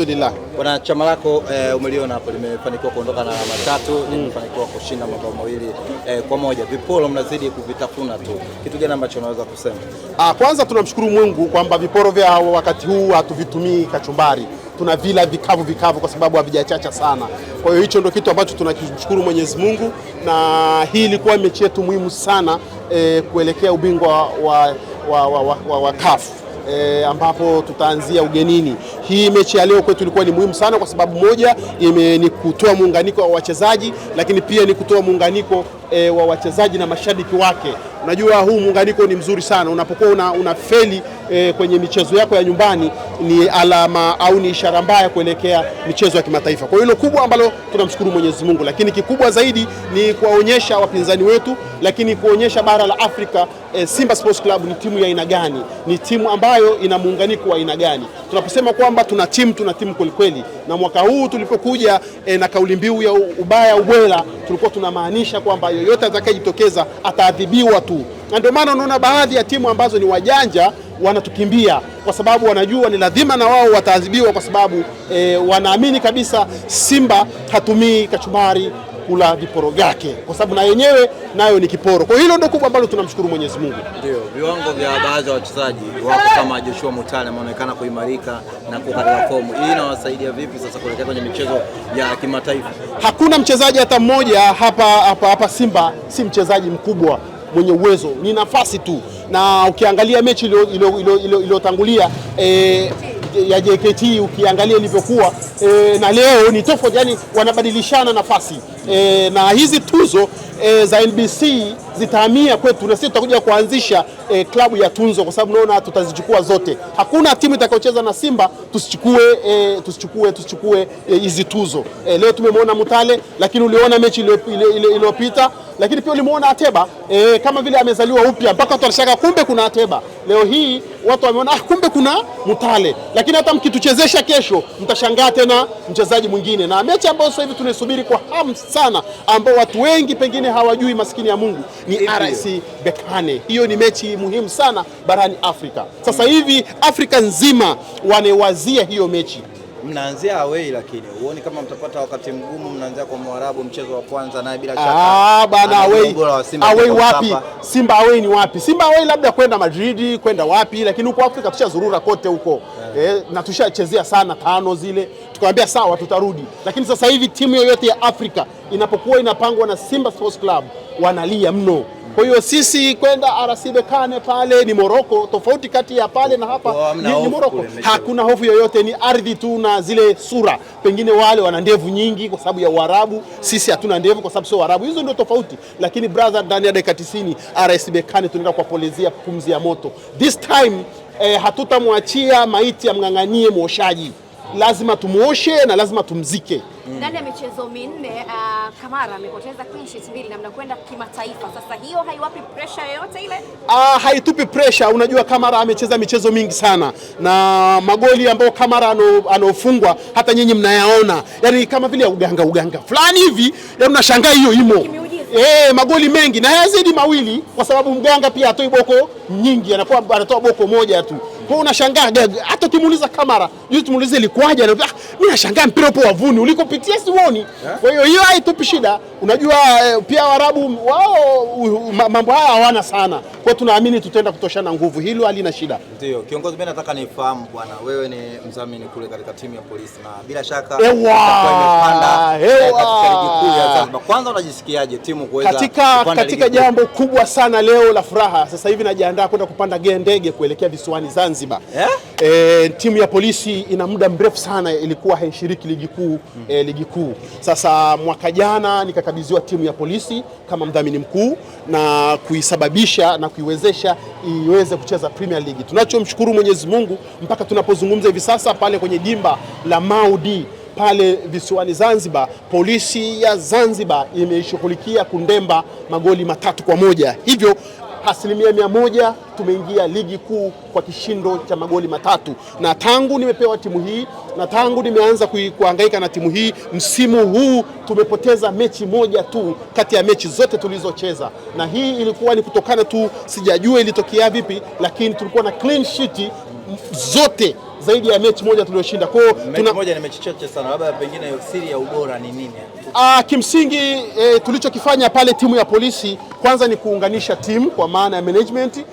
Alhamdulillah. Bwana, chama lako eh, umeliona hapo limefanikiwa kuondoka na alama tatu, mm. limefanikiwa kushinda mabao mawili eh, kwa moja. Viporo mnazidi kuvitafuna tu, kitu gani ambacho unaweza kusema? Ah, kwanza tunamshukuru Mungu kwamba viporo vya wakati huu hatuvitumii kachumbari tuna vila vikavu vikavu kwa sababu havijachacha sana. Kwa hiyo hicho ndio kitu ambacho tunakishukuru Mwenyezi Mungu, na hii ilikuwa mechi yetu muhimu sana e, kuelekea ubingwa wa, wa, wa, wa, wa, wa kafu e, ambapo tutaanzia ugenini. Hii mechi ya leo kwetu ilikuwa ni muhimu sana, kwa sababu moja ime, ni kutoa muunganiko wa wachezaji, lakini pia ni kutoa muunganiko e, wa wachezaji na mashabiki wake. Unajua huu muunganiko ni mzuri sana unapokuwa una, una feli e, kwenye michezo yako ya nyumbani ni alama au ni ishara mbaya kuelekea michezo ya kimataifa. Kwa hiyo hilo kubwa ambalo tunamshukuru Mwenyezi Mungu, lakini kikubwa zaidi ni kuwaonyesha wapinzani wetu, lakini kuonyesha bara la Afrika e, Simba Sports Club ni timu ya aina gani, ni timu ambayo ina muunganiko wa aina gani. Tunaposema kwamba tuna timu, tuna timu kwelikweli, na mwaka huu tulipokuja e, na kauli mbiu ya ubaya ubwela, tulikuwa tunamaanisha kwamba yoyote atakayejitokeza ataadhibiwa tu, na ndio maana unaona baadhi ya timu ambazo ni wajanja wanatukimbia kwa sababu wanajua ni lazima na wao wataadhibiwa, kwa sababu e, wanaamini kabisa Simba hatumii kachumbari kula viporo vyake, kwa sababu na yenyewe nayo ni kiporo. Kwa hilo ndio kubwa ambalo tunamshukuru Mwenyezi Mungu. Ndio viwango vya baadhi ya wachezaji wako kama Joshua Mutale ameonekana kuimarika na kuwa fomu hii, inawasaidia vipi sasa kuelekea kwenye michezo ya kimataifa? Hakuna mchezaji hata mmoja hapa, hapa, hapa Simba si mchezaji mkubwa mwenye uwezo, ni nafasi tu na ukiangalia mechi iliyotangulia e, ya JKT ukiangalia ilivyokuwa e, na leo ni tofauti, yani wanabadilishana nafasi e, na hizi tuzo e, za NBC zitahamia kwetu na sisi tutakuja kuanzisha eh, klabu ya tunzo kwa sababu naona tutazichukua zote. Hakuna timu itakayocheza na Simba tusichukue eh, tusichukue tusichukue eh, hizi eh, tuzo eh, leo tumemwona Mutale, lakini uliona mechi iliyopita, lakini pia ulimuona Ateba e, kama vile amezaliwa upya, mpaka watu walishaka kumbe kuna Ateba. Leo hii watu wameona ah, kumbe kuna Mutale, lakini hata mkituchezesha kesho mtashangaa tena mchezaji mwingine, na mechi ambayo sasa hivi tunaisubiri kwa hamu sana, ambao watu wengi pengine hawajui, maskini ya Mungu ni RC Berkane. Hiyo ni mechi muhimu sana barani Afrika. Sasa hivi Afrika nzima wanewazia hiyo mechi mnaanzia away, lakini huoni kama mtapata wakati mgumu? Mnaanzia kwa Mwarabu, mchezo wa kwanza naye bila shaka. Ah bana, away away wapi? Simba away ni wapi? Simba away labda kwenda Madrid, kwenda wapi, lakini huko Afrika tushazurura kote huko yeah. eh, na tushachezea sana tano zile, tukawaambia sawa, tutarudi. Lakini sasa hivi timu yoyote ya Afrika inapokuwa inapangwa na Simba Sports Club wanalia mno. Kwa hiyo sisi kwenda RC Berkane pale ni Moroko, tofauti kati ya pale na hapa ni, ni Moroko. Hakuna hofu yoyote, ni ardhi tu na zile sura. Pengine wale wana ndevu nyingi kwa sababu ya Uarabu, sisi hatuna ndevu kwa sababu sio Uarabu. Hizo ndio tofauti, lakini brother, ndani ya dakika 90 RC Berkane tunaenda kuwapolezea pumzi ya moto this time. Eh, hatutamwachia maiti amng'ang'anie mwoshaji lazima tumuoshe na lazima tumzike Mm. ndani ya michezo minne. Uh, Kamara amepoteza clean sheet mbili na mnakwenda kimataifa sasa, hiyo haiwapi pressure yoyote ile? Uh, haitupi pressure. Unajua, Kamara amecheza michezo mingi sana na magoli ambayo Kamara anaofungwa hata nyinyi mnayaona, yaani kama vile ya uganga uganga fulani hivi, yani unashangaa hiyo imo. E, magoli mengi na hayazidi mawili, kwa sababu mganga pia atoi boko nyingi, anakuwa anatoa boko moja tu. Kwa hiyo unashangaa, hata kimuuliza Kamara juzi, tumuulize ilikuwaje, anambia ah, mimi nashangaa mpira upo wavuni, ulikopitia siuoni. Eh? Kwa hiyo hiyo haitupi shida. Unajua eh, pia Waarabu wao mambo haya hawana sana, kwa hiyo tunaamini tutaenda kutoshana nguvu, hilo halina shida. Ndio kiongozi, mimi nataka nifahamu bwana, wewe ni mzamini kule katika timu ya polisi na bila shaka imepanda eh, ya kwanza, unajisikiaje timu kuweza katika katika jambo kubwa sana leo la furaha sasa hivi najiandaa wanajiandaa kwenda kupanda ndege kuelekea visiwani Zanzibar yeah? E, eh, timu ya polisi ina muda mrefu sana ilikuwa haishiriki ligi kuu mm. E, ligi kuu sasa, mwaka jana nikakabidhiwa timu ya polisi kama mdhamini mkuu na kuisababisha na kuiwezesha iweze kucheza Premier League. Tunachomshukuru Mwenyezi Mungu mpaka tunapozungumza hivi sasa pale kwenye dimba la Maudi pale visiwani Zanzibar, polisi ya Zanzibar imeishughulikia Kundemba magoli matatu kwa moja. Hivyo asilimia mia moja tumeingia ligi kuu kwa kishindo cha magoli matatu, na tangu nimepewa timu hii na tangu nimeanza kuhangaika na timu hii msimu huu tumepoteza mechi moja tu kati ya mechi zote tulizocheza, na hii ilikuwa ni kutokana tu, sijajua ilitokea vipi, lakini tulikuwa na clean sheet zote zaidi ya mechi moja tulioshinda. Kwa hiyo tuna... moja ni mechi chache sana, labda pengine siri ya ubora ni nini? Ah, kimsingi eh, tulichokifanya pale timu ya polisi kwanza ni kuunganisha timu kwa maana ya management,